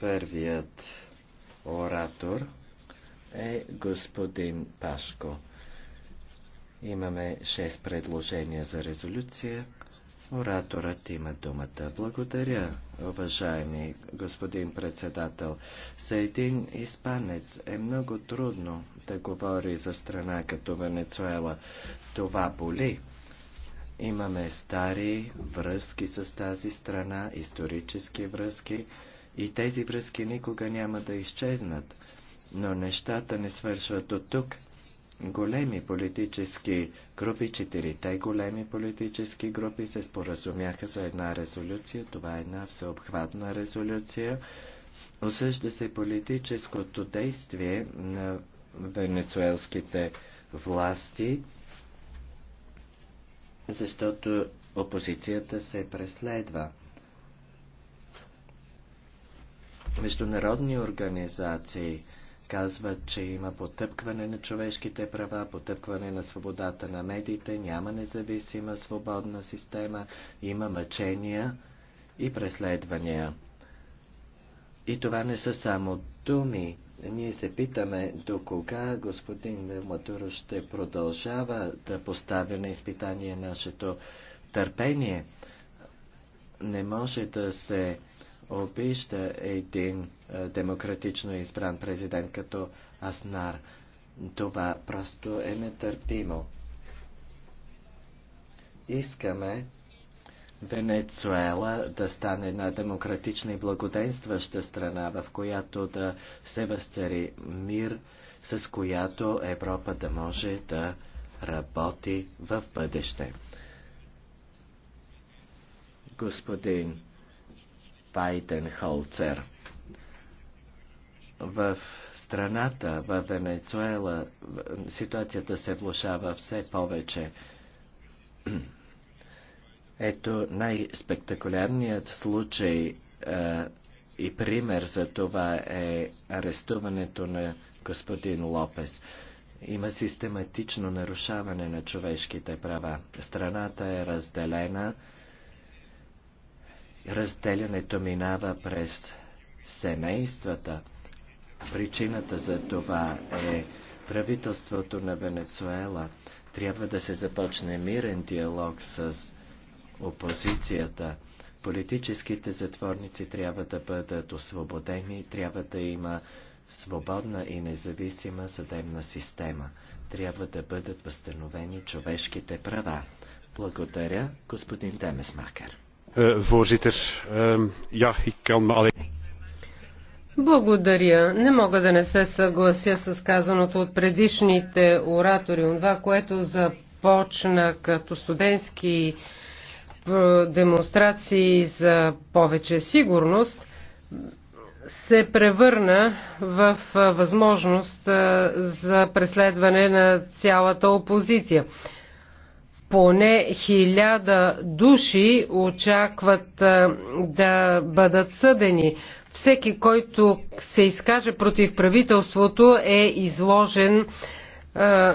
Първият оратор е господин Пашко. Имаме 6 предложения за резолюция. Ораторът има думата. Благодаря, уважаеми господин председател. За един испанец е много трудно да говори за страна като Венецуела. Това боли. Имаме стари връзки с тази страна, исторически връзки и тези връзки никога няма да изчезнат. Но нещата не свършват до тук. Големи политически групи, четирите големи политически групи се споразумяха за една резолюция. Това е една всеобхватна резолюция. Осъжда се политическото действие на венецуелските власти, защото опозицията се преследва. Международни организации казват, че има потъпкване на човешките права, потъпкване на свободата на медиите, няма независима свободна система, има мъчения и преследвания. И това не са само думи. Ние се питаме до кога господин Матуро ще продължава да поставя на изпитание нашето търпение. Не може да се обижда един демократично избран президент като Аснар. Това просто е нетърпимо. Искаме Венецуела да стане една демократична и благоденстваща страна, в която да се възцари мир, с която Европа да може да работи в бъдеще. Господин Пайтенхолцер. В страната, в Венецуела, ситуацията се влушава все повече. Ето най-спектакулярният случай а, е, и пример за това е арестуването на господин Лопес. Има систематично нарушаване на човешките права. Страната е разделена разделянето минава през семействата. Причината за това е правителството на Венецуела. Трябва да се започне мирен диалог с опозицията. Политическите затворници трябва да бъдат освободени, трябва да има свободна и независима съдебна система. Трябва да бъдат възстановени човешките права. Благодаря, господин Демесмакер. Eh, voorzitter. Ehm, ja, ik kan me alleen. Благодаря. Не мога да не се съглася с казаното от предишните оратори. Това, което започна като студентски е, демонстрации за повече сигурност, се превърна в е, възможност е, за преследване на цялата опозиция поне хиляда души очакват е, да бъдат съдени. Всеки, който се изкаже против правителството, е изложен е,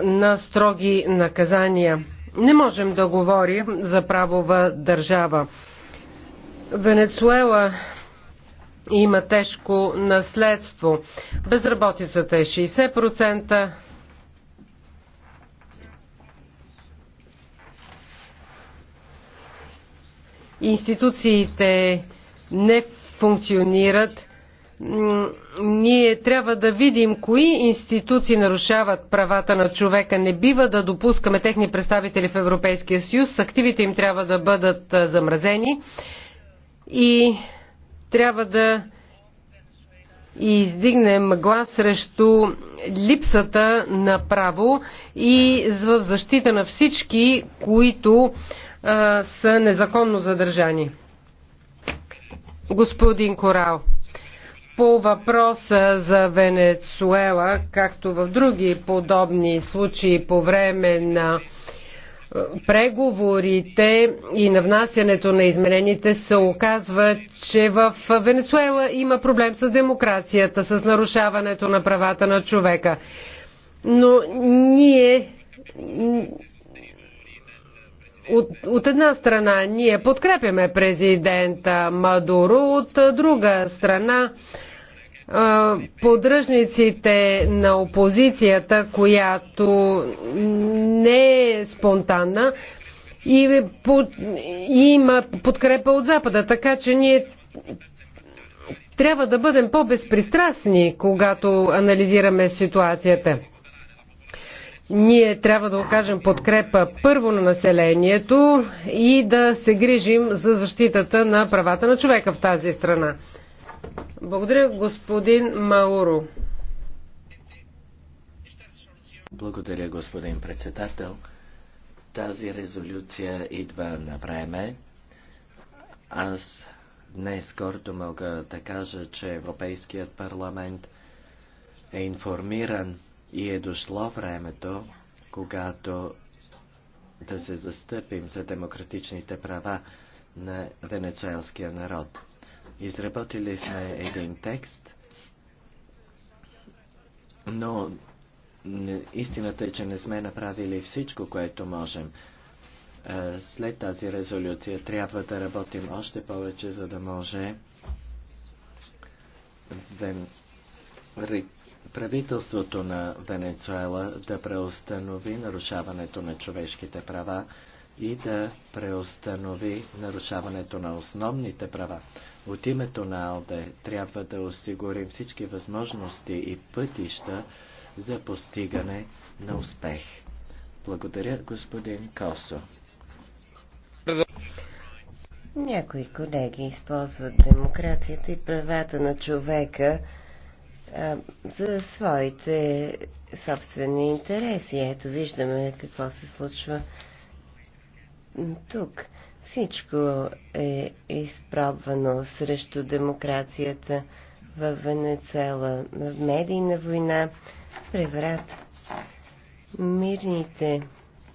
на строги наказания. Не можем да говорим за правова държава. Венецуела има тежко наследство. Безработицата е 60%, институциите не функционират, ние трябва да видим кои институции нарушават правата на човека. Не бива да допускаме техни представители в Европейския съюз. Активите им трябва да бъдат замразени и трябва да и издигнем глас срещу липсата на право и в защита на всички, които а, са незаконно задържани. Господин Корал, по въпроса за Венецуела, както в други подобни случаи по време на преговорите и на внасянето на изменените се оказва, че в Венецуела има проблем с демокрацията, с нарушаването на правата на човека. Но ние от, от една страна ние подкрепяме президента Мадуро, от друга страна поддръжниците на опозицията, която не е спонтанна и, под, и има подкрепа от Запада. Така че ние трябва да бъдем по-безпристрастни, когато анализираме ситуацията. Ние трябва да окажем подкрепа първо на населението и да се грижим за защитата на правата на човека в тази страна. Благодаря, господин Мауро. Благодаря, господин председател. Тази резолюция идва на време. Аз днес гордо мога да кажа, че Европейският парламент е информиран и е дошло времето, когато да се застъпим за демократичните права на венецуелския народ. Изработили сме един текст, но истината е, че не сме направили всичко, което можем. След тази резолюция трябва да работим още повече, за да може правителството на Венецуела да преустанови нарушаването на човешките права и да преустанови нарушаването на основните права. От името на АЛДЕ трябва да осигурим всички възможности и пътища за постигане на успех. Благодаря, господин Косо. Някои колеги използват демокрацията и правата на човека за своите собствени интереси. Ето виждаме какво се случва тук. Всичко е изпробвано срещу демокрацията в Венецела, в медийна война, преврат. Мирните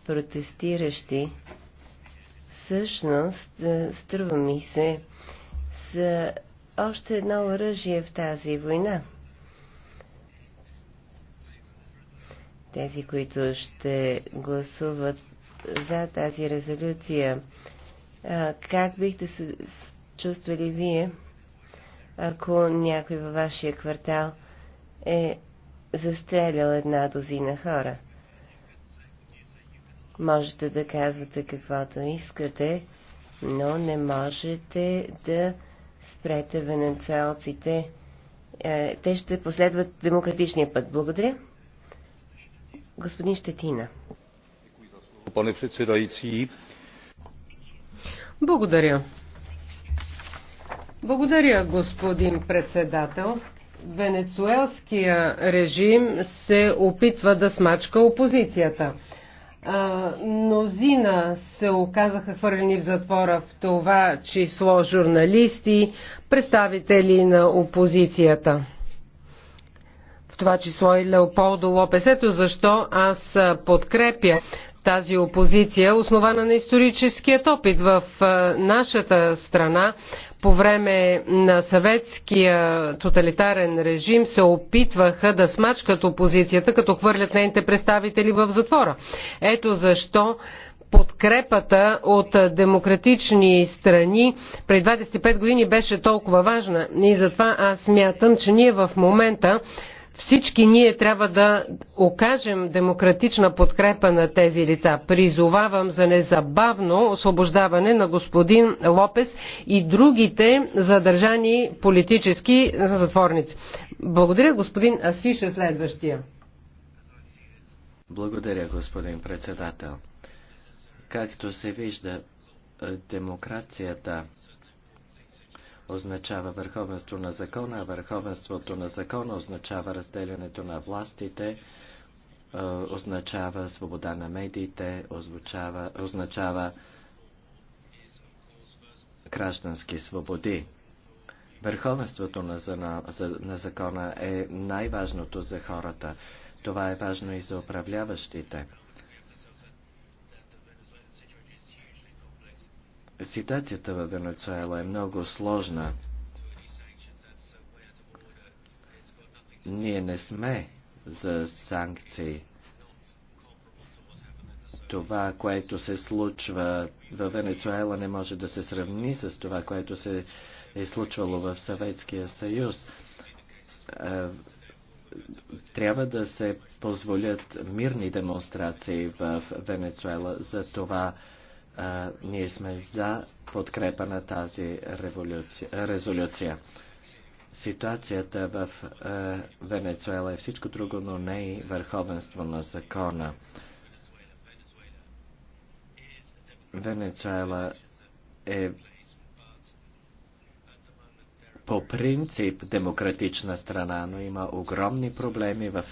протестиращи всъщност, струва ми се, са още едно оръжие в тази война. тези, които ще гласуват за тази резолюция. Как бихте се чувствали вие, ако някой във вашия квартал е застрелял една дозина хора? Можете да казвате каквото искате, но не можете да спрете венецалците. Е, те ще последват демократичния път. Благодаря. Господин Щетина. Благодаря. Благодаря, господин председател. Венецуелския режим се опитва да смачка опозицията. А, мнозина се оказаха хвърлени в затвора в това число журналисти, представители на опозицията това число и Леополдо Лопес. Ето защо аз подкрепя тази опозиция, основана на историческият опит в нашата страна. По време на съветския тоталитарен режим се опитваха да смачкат опозицията, като хвърлят нейните представители в затвора. Ето защо подкрепата от демократични страни преди 25 години беше толкова важна. И затова аз смятам, че ние в момента всички ние трябва да окажем демократична подкрепа на тези лица. Призовавам за незабавно освобождаване на господин Лопес и другите задържани политически затворници. Благодаря, господин Асиш следващия. Благодаря, господин председател. Както се вижда, демокрацията означава върховенство на закона, а върховенството на закона означава разделянето на властите, е, означава свобода на медиите, означава, означава граждански свободи. Върховенството на, на, на закона е най-важното за хората. Това е важно и за управляващите. Ситуацията във Венецуела е много сложна. Ние не сме за санкции. Това, което се случва в Венецуела, не може да се сравни с това, което се е случвало в Съветския съюз. Е, трябва да се позволят мирни демонстрации в Венецуела. За това а, ние сме за подкрепа на тази резолюция. Ситуацията в а, Венецуела е всичко друго, но не и върховенство на закона. Венецуела е по принцип демократична страна, но има огромни проблеми в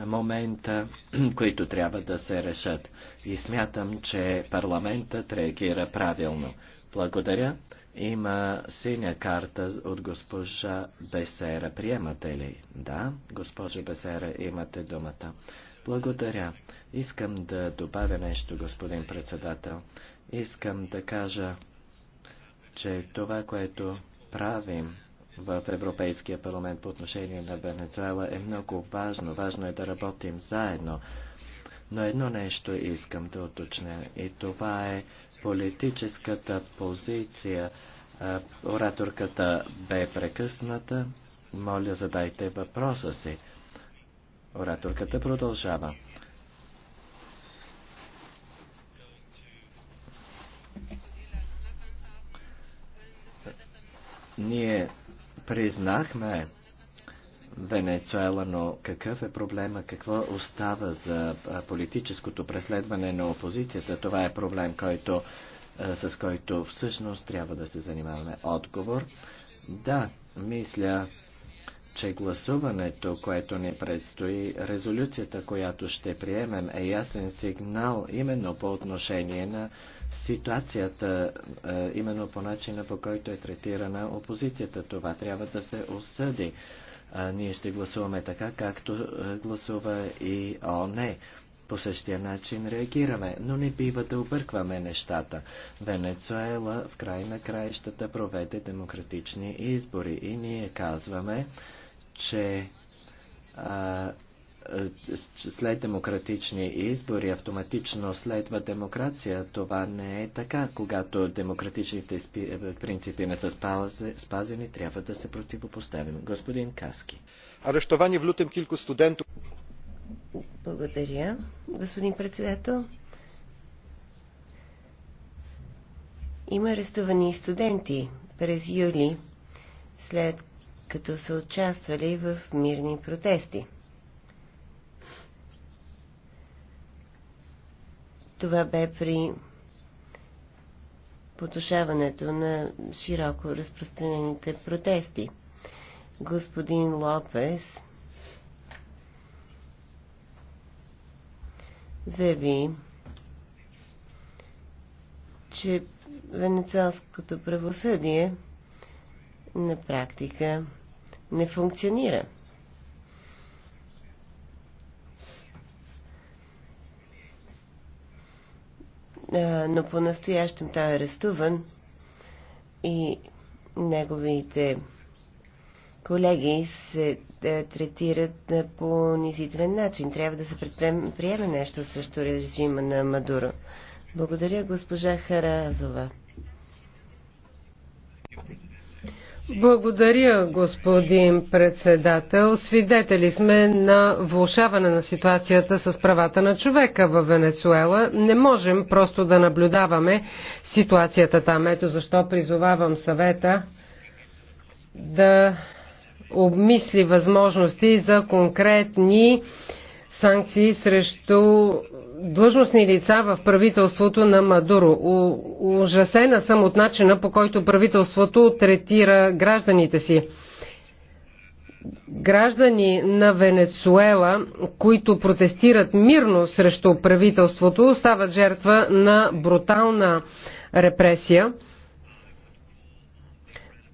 момента, които трябва да се решат. И смятам, че парламентът реагира правилно. Благодаря. Има синя карта от госпожа Бесера. Приемате ли? Да, госпожа Бесера, имате думата. Благодаря. Искам да добавя нещо, господин председател. Искам да кажа, че това, което правим в Европейския парламент по отношение на Венецуела е много важно. Важно е да работим заедно. Но едно нещо искам да уточня и това е политическата позиция. Ораторката бе прекъсната. Моля, задайте въпроса си. Ораторката продължава. Ние Признахме Венецуела, но какъв е проблема, какво остава за политическото преследване на опозицията? Това е проблем, който, с който всъщност трябва да се занимаваме. Отговор? Да, мисля, че гласуването, което ни предстои, резолюцията, която ще приемем, е ясен сигнал именно по отношение на ситуацията, е, именно по начина по който е третирана опозицията. Това трябва да се осъди. Ние ще гласуваме така, както е, гласува и ОНЕ. По същия начин реагираме, но не бива да объркваме нещата. Венецуела в край на краищата проведе демократични избори и ние казваме, че след демократични избори автоматично следва демокрация. Това не е така. Когато демократичните е, принципи не са спазени, трябва да се противопоставим. Господин Каски. Арештовани в лютем килко студенту. Благодаря. Господин председател, има арестувани студенти през юли, след като са участвали в мирни протести. Това бе при потушаването на широко разпространените протести. Господин Лопес заяви, че венецуалското правосъдие на практика не функционира. Но по-настоящем той е арестуван и неговите колеги се е, третират е, по унизителен начин. Трябва да се предприеме нещо също режима на Мадуро. Благодаря, госпожа Харазова. Благодаря, господин председател. Свидетели сме на влушаване на ситуацията с правата на човека в Венецуела. Не можем просто да наблюдаваме ситуацията там. Ето защо призовавам съвета да обмисли възможности за конкретни санкции срещу длъжностни лица в правителството на Мадуро. ужасена съм от начина по който правителството третира гражданите си. Граждани на Венецуела, които протестират мирно срещу правителството, стават жертва на брутална репресия.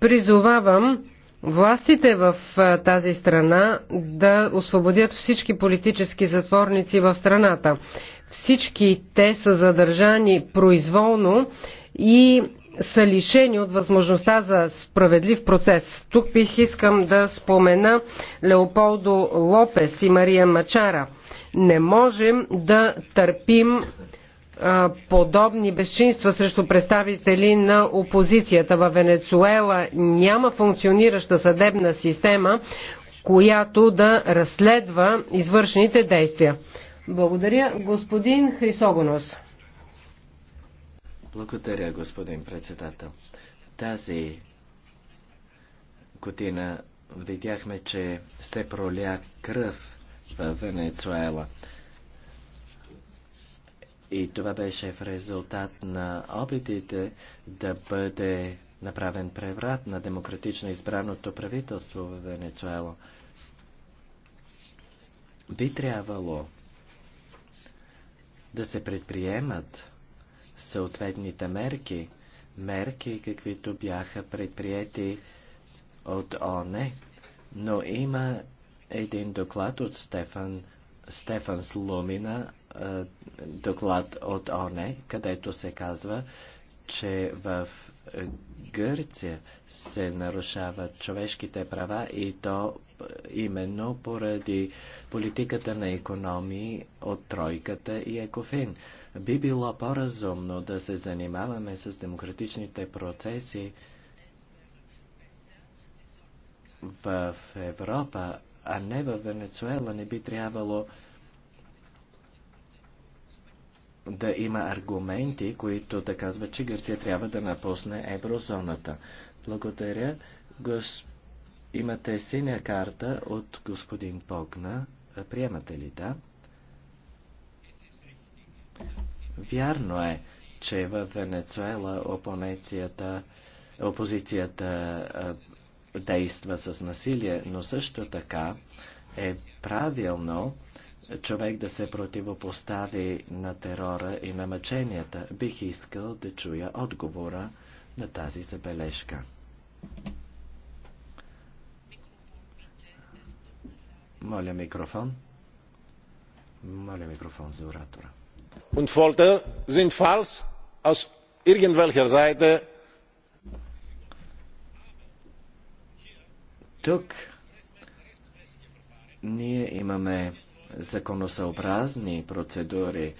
Призовавам властите в тази страна да освободят всички политически затворници в страната. Всички те са задържани произволно и са лишени от възможността за справедлив процес. Тук бих искам да спомена Леополдо Лопес и Мария Мачара. Не можем да търпим подобни безчинства срещу представители на опозицията. В Венецуела няма функционираща съдебна система, която да разследва извършените действия. Благодаря, господин Хрисогонос. Благодаря, господин председател. Тази година видяхме, че се проля кръв в Венецуела. И това беше в резултат на опитите да бъде направен преврат на демократично избраното правителство в Венецуела. Би трябвало да се предприемат съответните мерки, мерки, каквито бяха предприяти от ОНЕ, но има един доклад от Стефан, Стефан Слумина е, доклад от ОНЕ, където се казва, че в Гърция се нарушават човешките права и то именно поради политиката на економии от тройката и екофин. Би било по-разумно да се занимаваме с демократичните процеси в Европа, а не в Венецуела. Не би трябвало да има аргументи, които да казват, че Гърция трябва да напусне еврозоната. Благодаря. Гос... Имате синя карта от господин Погна. Приемате ли, да? Вярно е, че в Венецуела опонецията, опозицията действа с насилие, но също така е правилно човек да се противопостави на терора и на мъченията. Бих искал да чуя отговора на тази забележка. Моля микрофон. Моля микрофон за оратора. Und Folter sind falsch aus irgendwelcher Seite. Тук ние имаме законосъобразни процедури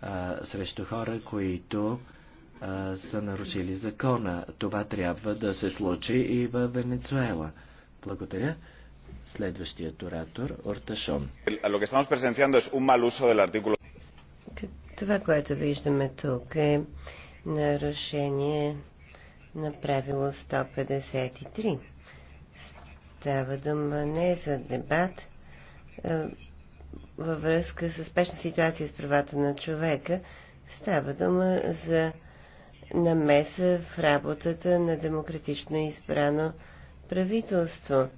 а, срещу хора, които а, са нарушили закона. Това трябва да се случи и в Венецуела. Благодаря. Следващият оратор Орташон. Това, което виждаме тук е нарушение на правило 153. Става дума не за дебат, във връзка с спешна ситуация с правата на човека. Става дума за намеса в работата на демократично избрано правителство.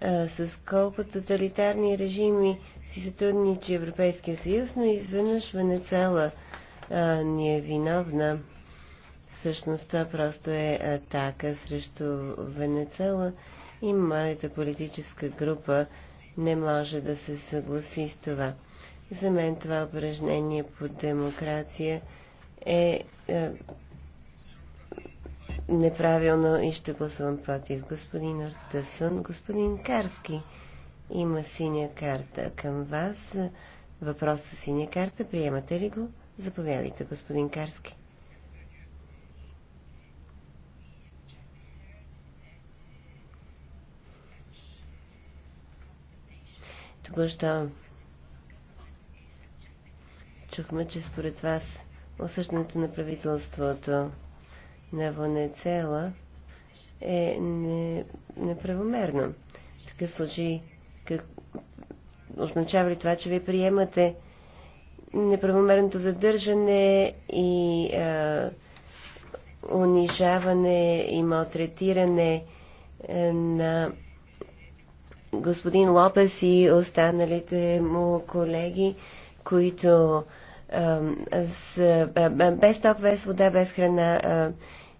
А, с колко тоталитарни режими си сътрудничи Европейския съюз, но изведнъж Венецела а, ни е виновна. Всъщност това просто е атака срещу Венецела и моята политическа група не може да се съгласи с това. За мен това упражнение по демокрация е, е неправилно и ще гласувам против. Господин Артасун, господин Карски, има синя карта към вас. Въпрос с синя карта, приемате ли го? Заповядайте, господин Карски. Току-що чухме, че според вас осъждането на правителството на Вонецела е не, неправомерно. В такъв случай, как, означава ли това, че ви приемате неправомерното задържане и а, унижаване и малтретиране на господин Лопес и останалите му колеги, които с, без ток, без вода, без храна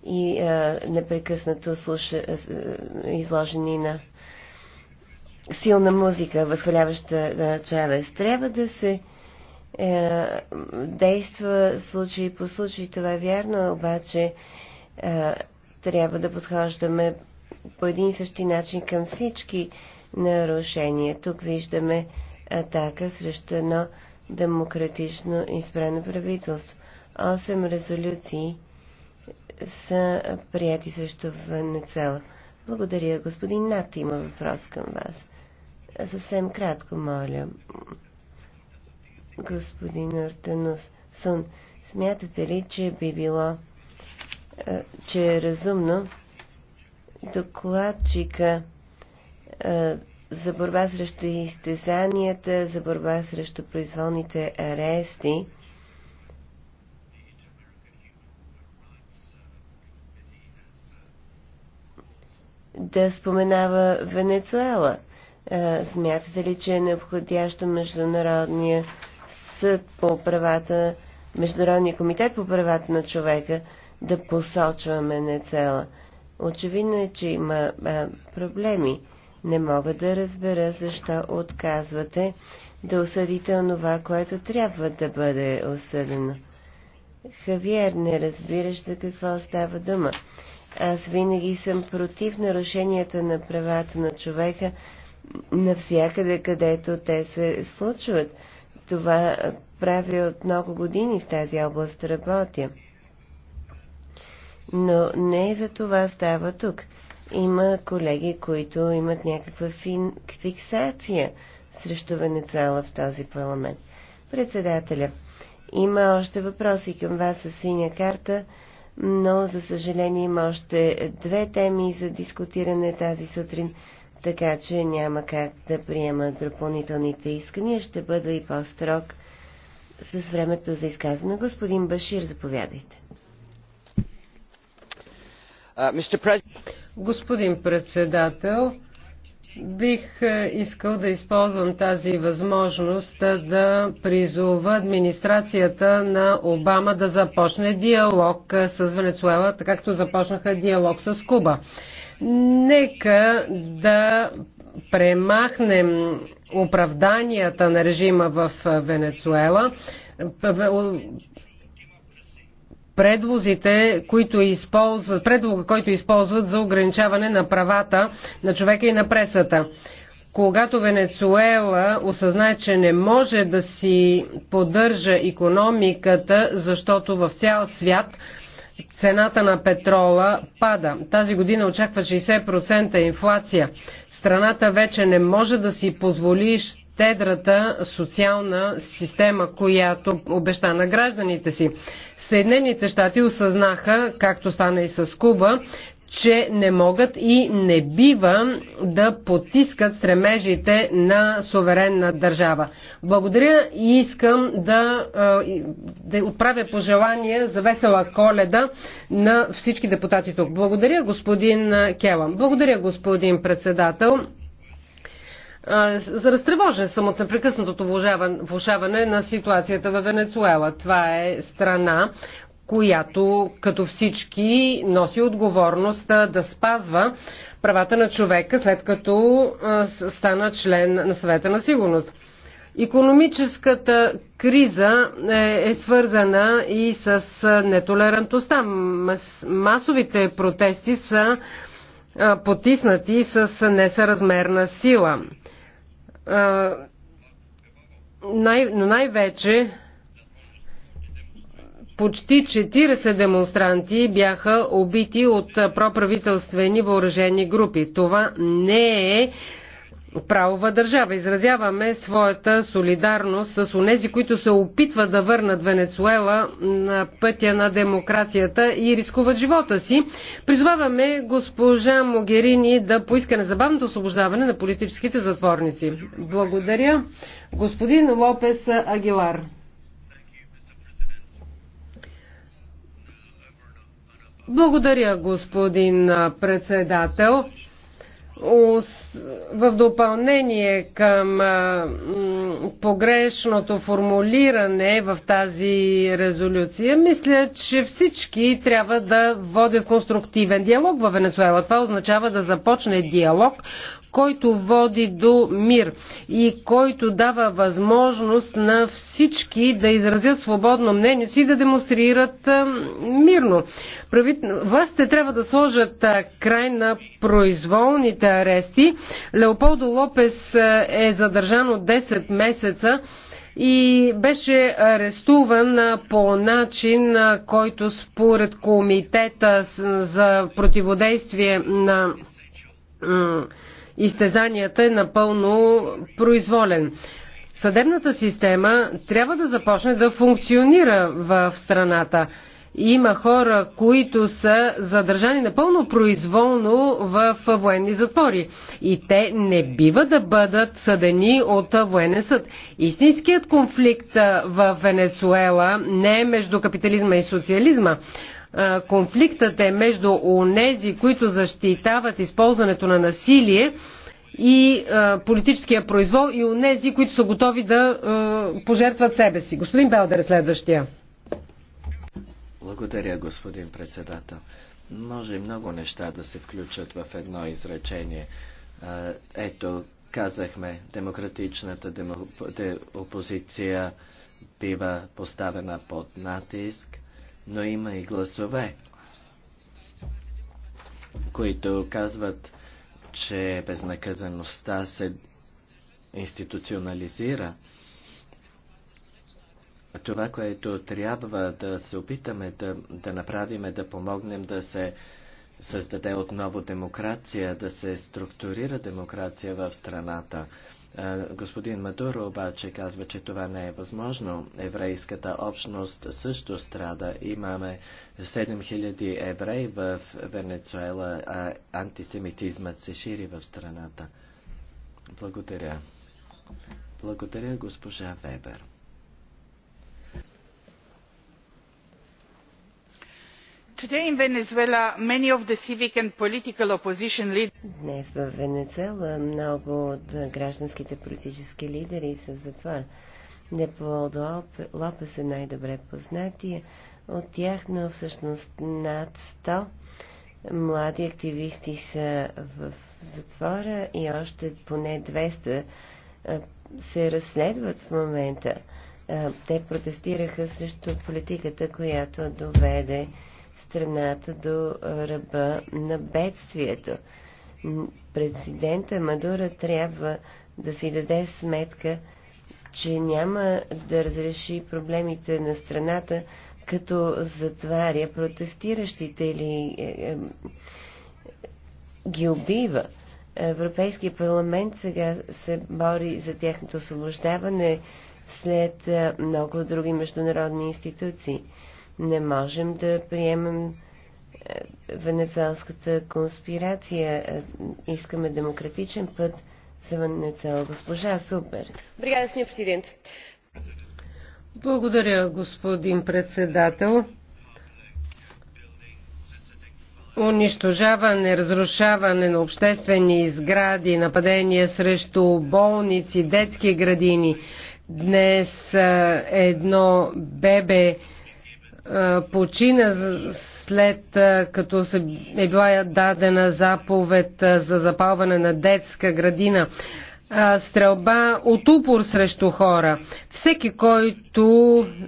и непрекъснато слуша, изложени на силна музика, възхваляваща Чавес. Трябва да се е, действа случай по случай, това е вярно, обаче е, трябва да подхождаме по един и същи начин към всички нарушение. Тук виждаме атака срещу едно демократично избрано правителство. Осем резолюции са прияти срещу Венецела. Благодаря. Господин Нат има въпрос към вас. Съвсем кратко, моля. Господин Ортенус Сун, смятате ли, че би било, е, че е разумно докладчика е, за борба срещу изтезанията, за борба срещу произволните арести. Да споменава Венецуела. Е, смятате ли, че е необходящо Международния съд по правата, Международния комитет по правата на човека да посочва Венецуела? Очевидно е, че има е, проблеми. Не мога да разбера защо отказвате да осъдите онова, което трябва да бъде осъдено. Хавиер, не разбираш за какво става дума. Аз винаги съм против нарушенията на правата на човека навсякъде, където те се случват. Това прави от много години в тази област работя. Но не за това става тук. Има колеги, които имат някаква фин... фиксация срещу Венецуела в този парламент. Председателя, има още въпроси към вас с синя карта, но за съжаление има още две теми за дискутиране тази сутрин, така че няма как да приема допълнителните искания. Ще бъда и по-строг с времето за изказване. Господин Башир, заповядайте. Uh, Господин председател, бих е, искал да използвам тази възможност е, да призова администрацията на Обама да започне диалог е, с Венецуела, така както започнаха диалог с Куба. Нека да премахнем оправданията на режима в Венецуела, предвозите, които използват, предлога, който използват за ограничаване на правата на човека и на пресата. Когато Венецуела осъзнае, че не може да си поддържа економиката, защото в цял свят цената на петрола пада. Тази година очаква 60% инфлация. Страната вече не може да си позволи щедрата социална система, която обеща на гражданите си. Съединените щати осъзнаха, както стана и с Куба, че не могат и не бива да потискат стремежите на суверенна държава. Благодаря и искам да, да отправя пожелания за весела коледа на всички депутати тук. Благодаря, господин Келам. Благодаря, господин председател. За разтревожен съм от непрекъснатото влушаване на ситуацията в Венецуела. Това е страна, която, като всички, носи отговорност да спазва правата на човека, след като стана член на съвета на сигурност. Економическата криза е, е, свързана и с нетолерантността. масовите протести са потиснати с несъразмерна сила най, но най-вече почти 40 демонстранти бяха убити от проправителствени въоръжени групи. Това не е правова държава. Изразяваме своята солидарност с онези, които се опитват да върнат Венецуела на пътя на демокрацията и рискуват живота си. Призоваваме госпожа Могерини да поиска незабавното освобождаване на политическите затворници. Благодаря. Господин Лопес Агилар. Благодаря, господин председател в допълнение към погрешното формулиране в тази резолюция, мисля, че всички трябва да водят конструктивен диалог в Венецуела. Това означава да започне диалог, който води до мир и който дава възможност на всички да изразят свободно мнението си и да демонстрират мирно. Властите трябва да сложат край на произволните арести. Леополдо Лопес е задържан от 10 месеца и беше арестуван по начин, който според Комитета за противодействие на изтезанията е напълно произволен. Съдебната система трябва да започне да функционира в страната. Има хора, които са задържани напълно произволно в военни затвори. И те не бива да бъдат съдени от военен съд. Истинският конфликт в Венесуела не е между капитализма и социализма, конфликтът е между онези, които защитават използването на насилие и политическия произвол и онези, които са готови да пожертват себе си. Господин Белдер е следващия. Благодаря, господин председател. Може много неща да се включат в едно изречение. Ето, казахме, демократичната демо... де... опозиция бива поставена под натиск но има и гласове, които казват, че безнаказаността се институционализира. Това, което трябва да се опитаме да, да направим е да помогнем да се създаде отново демокрация, да се структурира демокрация в страната. Е, господин Мадуро обаче казва, че това не е възможно. Еврейската общност също страда. Имаме 7000 евреи в Венецуела, а антисемитизмът се шири в страната. Благодаря. Благодаря, госпожа Вебер. Today in Venezuela, many of the civic and political opposition leaders... Днес в Венецуела много от гражданските политически лидери са в затвор. Лепуалдо Лопес е най-добре познати от тях, но всъщност над 100 млади активисти са в затвора и още поне 200 се разследват в момента. Те протестираха срещу политиката, която доведе страната до ръба на бедствието. Президента Мадура трябва да си даде сметка, че няма да разреши проблемите на страната, като затваря протестиращите или е, е, ги убива. Европейския парламент сега се бори за тяхното освобождаване след е, много други международни институции. Не можем да приемем е, венецуалската конспирация. Е, искаме демократичен път за Венецуал. Госпожа Супер. Бригада, сеньор президент. Благодаря, господин председател. Унищожаване, разрушаване на обществени изгради, нападения срещу болници, детски градини. Днес е, едно бебе почина след като е била дадена заповед за запалване на детска градина. Стрелба от упор срещу хора. Всеки, който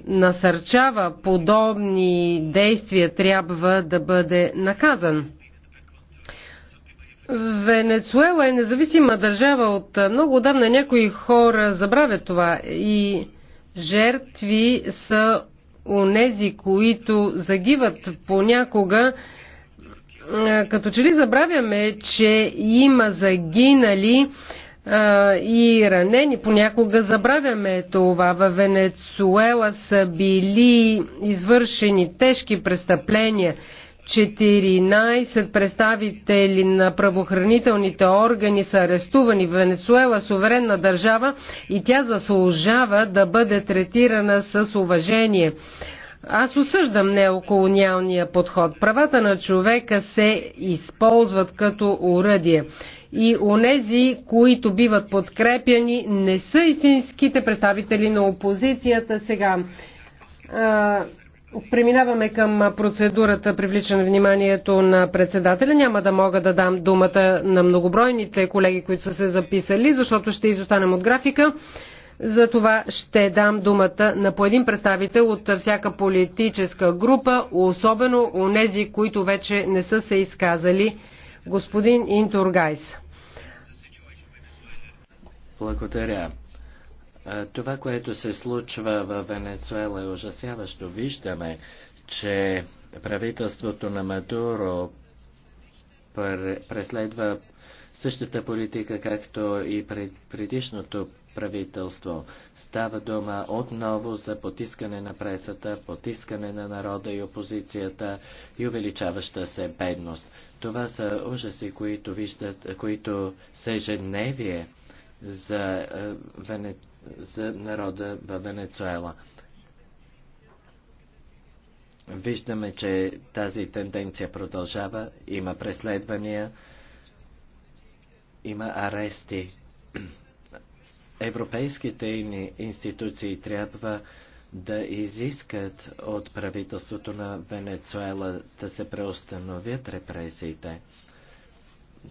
насърчава подобни действия, трябва да бъде наказан. Венецуела е независима държава от много отдавна. Някои хора забравят това и жертви са онези, които загиват понякога, е, като че ли забравяме, че има загинали е, и ранени. Понякога забравяме това. В Венецуела са били извършени тежки престъпления. 14 представители на правоохранителните органи са арестувани. Венецуела е суверенна държава и тя заслужава да бъде третирана с уважение. Аз осъждам неоколониалния подход. Правата на човека се използват като уръдие. И онези, които биват подкрепяни, не са истинските представители на опозицията сега Преминаваме към процедурата привличане вниманието на председателя. Няма да мога да дам думата на многобройните колеги, които са се записали, защото ще изостанем от графика. За това ще дам думата на по един представител от всяка политическа група, особено у нези, които вече не са се изказали. Господин Интургайс. Благодаря. Това, което се случва в Венецуела е ужасяващо. Виждаме, че правителството на Мадуро преследва същата политика, както и предишното правителство. Става дума отново за потискане на пресата, потискане на народа и опозицията и увеличаваща се бедност. Това са ужаси, които, виждат, които се ежедневие за, е, Вене... за народа в Венецуела. Виждаме, че тази тенденция продължава, има преследвания, има арести. Европейските институции трябва да изискат от правителството на Венецуела да се преустановят репресиите.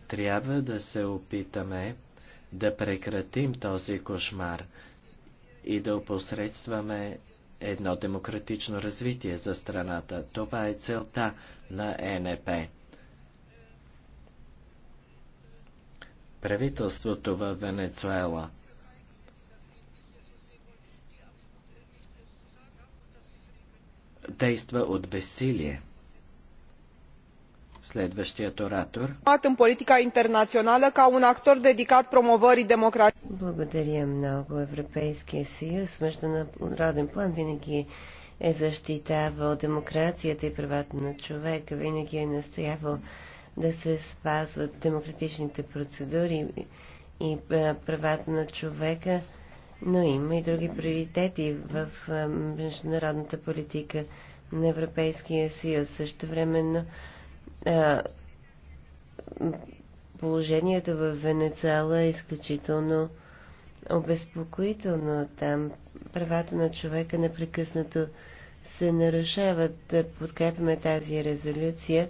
Трябва да се опитаме да прекратим този кошмар и да опосредстваме едно демократично развитие за страната. Това е целта на ЕНП. Правителството в Венецуела действа от безсилие. Следващият оратор. În politica internațională ca un actor dedicat promovării Благодаря много. Европейския съюз международен план винаги е защитавал демокрацията и правата на човека. Винаги е настоявал да се спазват демократичните процедури и правата на човека, но има и други приоритети в международната политика на Европейския съюз. Също времено положението в Венецуела е изключително обезпокоително. Там правата на човека непрекъснато се нарушават. Да подкрепяме тази резолюция.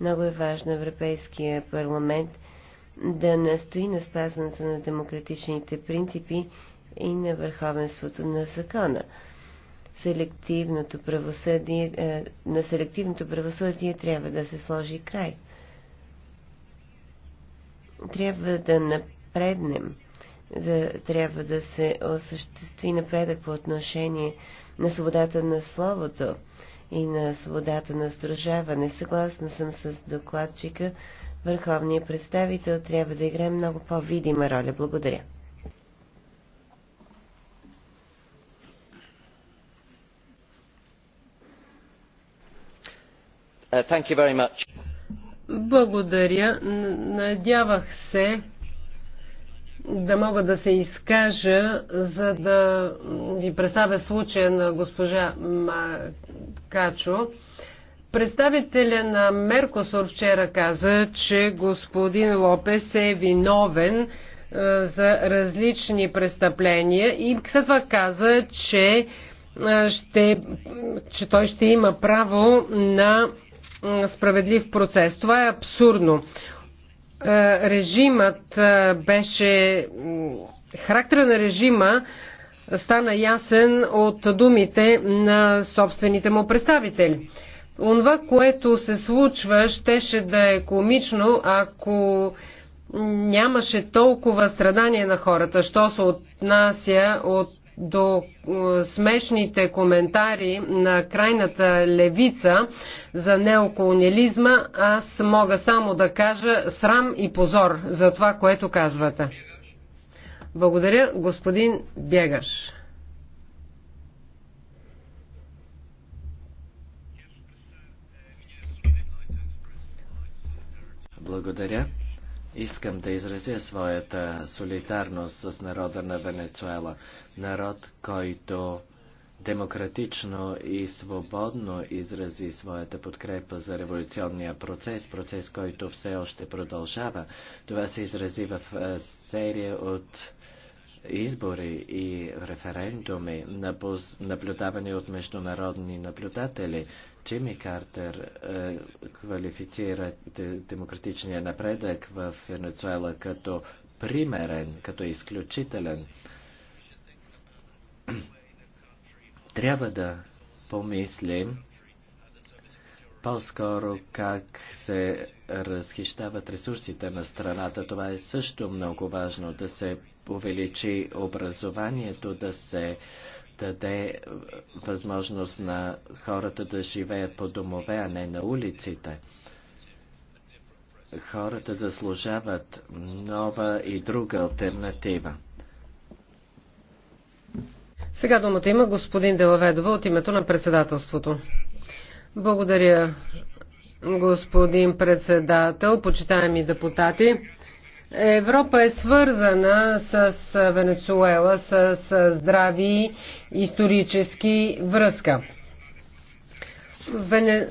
Много е важно Европейския парламент да настои на спазването на демократичните принципи и на върховенството на закона селективното правосъдие, е, на селективното правосъдие трябва да се сложи край. Трябва да напреднем, да, трябва да се осъществи напредък по отношение на свободата на словото и на свободата на сдружаване. Съгласна съм с докладчика, върховният представител трябва да играе много по-видима роля. Благодаря. Uh, Благодаря. Надявах се да мога да се изкажа, за да ви представя случая на госпожа Макачо. Представителя на Меркосор вчера каза, че господин Лопес е виновен е, за различни престъпления и след това каза, че, е, ще, че той ще има право на справедлив процес. Това е абсурдно. Е, режимът е, беше. Характера на режима стана ясен от думите на собствените му представители. Онова, което се случва, щеше да е комично, ако нямаше толкова страдание на хората, що се отнася от до е, смешните коментари на крайната левица за неоколониализма, аз мога само да кажа срам и позор за това, което казвате. Благодаря, господин Бегаш. Благодаря. Искам да изразя своята солидарност с народа на Венецуела, народ, който демократично и свободно изрази своята подкрепа за революционния процес, процес, който все още продължава. Това се изрази в серия от избори и референдуми, наблюдавани от международни наблюдатели. Джимми Картер е, квалифицира демократичния напредък в Венецуела като примерен, като изключителен. Трябва да помислим по-скоро как се разхищават ресурсите на страната. Това е също много важно да се увеличи образованието, да се даде е, възможност на хората да живеят по домове, а не на улиците. Хората заслужават нова и друга альтернатива. Сега думата има господин Делаведова от името на председателството. Благодаря, господин председател, почитаеми депутати. Европа е свързана с Венецуела, с здрави исторически връзка. Вене...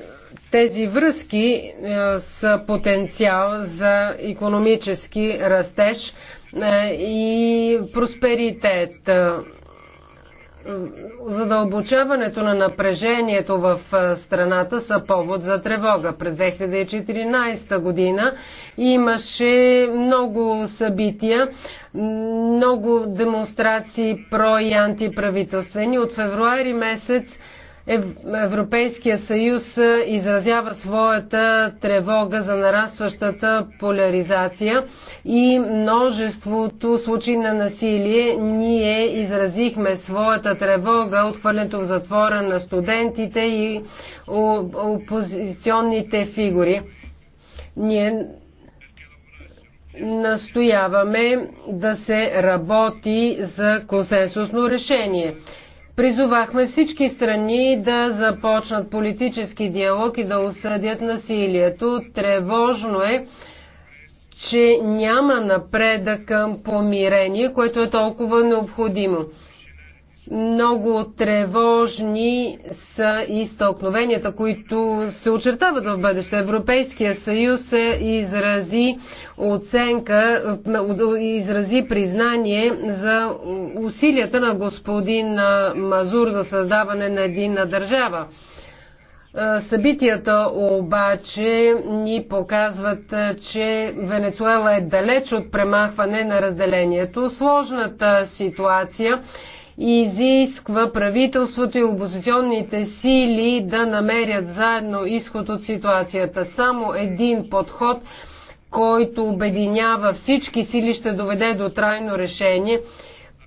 Тези връзки е, са потенциал за економически растеж е, и просперитет задълбочаването на напрежението в страната са повод за тревога. През 2014 година имаше много събития, много демонстрации про и антиправителствени. От февруари месец Европейския съюз изразява своята тревога за нарастващата поляризация и множеството случаи на насилие. Ние изразихме своята тревога от хвърлянето в затвора на студентите и опозиционните фигури. Ние настояваме да се работи за консенсусно решение. Призовахме всички страни да започнат политически диалог и да осъдят насилието. Тревожно е, че няма напредък към помирение, което е толкова необходимо. Много тревожни са и стълкновенията, които се очертават в бъдеще. Европейския съюз изрази оценка, изрази признание за усилията на господин Мазур за създаване на единна държава. Събитията обаче ни показват, че Венецуела е далеч от премахване на разделението. Сложната ситуация изисква правителството и опозиционните сили да намерят заедно изход от ситуацията. Само един подход, който обединява всички сили, ще доведе до трайно решение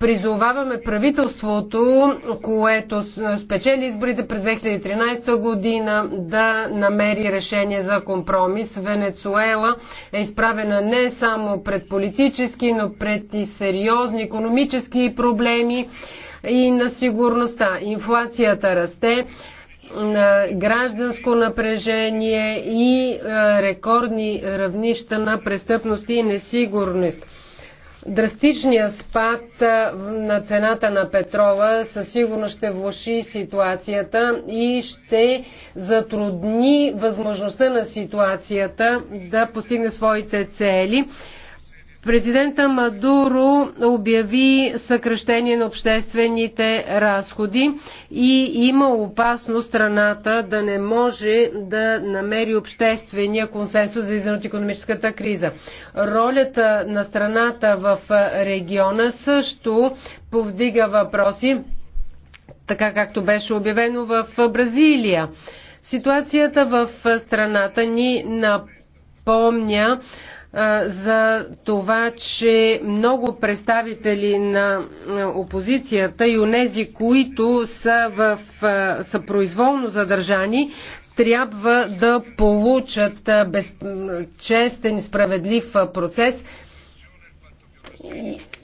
Призоваваме правителството, което е, спечели изборите през 2013 година, да намери решение за компромис. Венецуела е изправена не само пред политически, но пред и сериозни економически проблеми и на сигурността. Инфлацията расте на гражданско напрежение и е, рекордни равнища на престъпност и несигурност. Драстичният спад на цената на петрола със сигурност ще влуши ситуацията и ще затрудни възможността на ситуацията да постигне своите цели. Президента Мадуро обяви съкръщение на обществените разходи и има опасност страната да не може да намери обществения консенсус за излизане от економическата криза. Ролята на страната в региона също повдига въпроси, така както беше обявено в Бразилия. Ситуацията в страната ни напомня за това, че много представители на опозицията и онези, които са, в, са произволно задържани, трябва да получат без, честен и справедлив процес.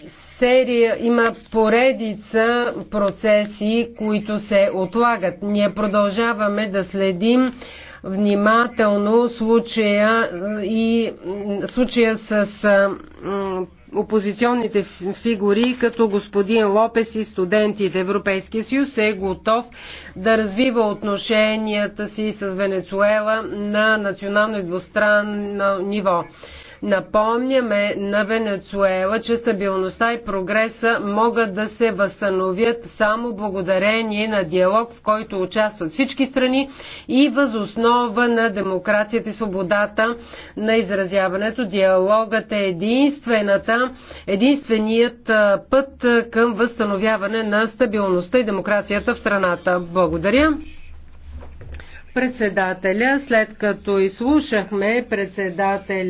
Серия има поредица процеси, които се отлагат. Ние продължаваме да следим внимателно случая е, и случая с опозиционните фигури, като господин Лопес и студентите. Европейския съюз е готов да развива отношенията си с Венецуела на национално и двустранно ниво. Напомняме на Венецуела, че стабилността и прогреса могат да се възстановят само благодарение на диалог, в който участват всички страни и възоснова на демокрацията и свободата на изразяването. Диалогът е единствената, единственият път към възстановяване на стабилността и демокрацията в страната. Благодаря председателя, след като изслушахме председателя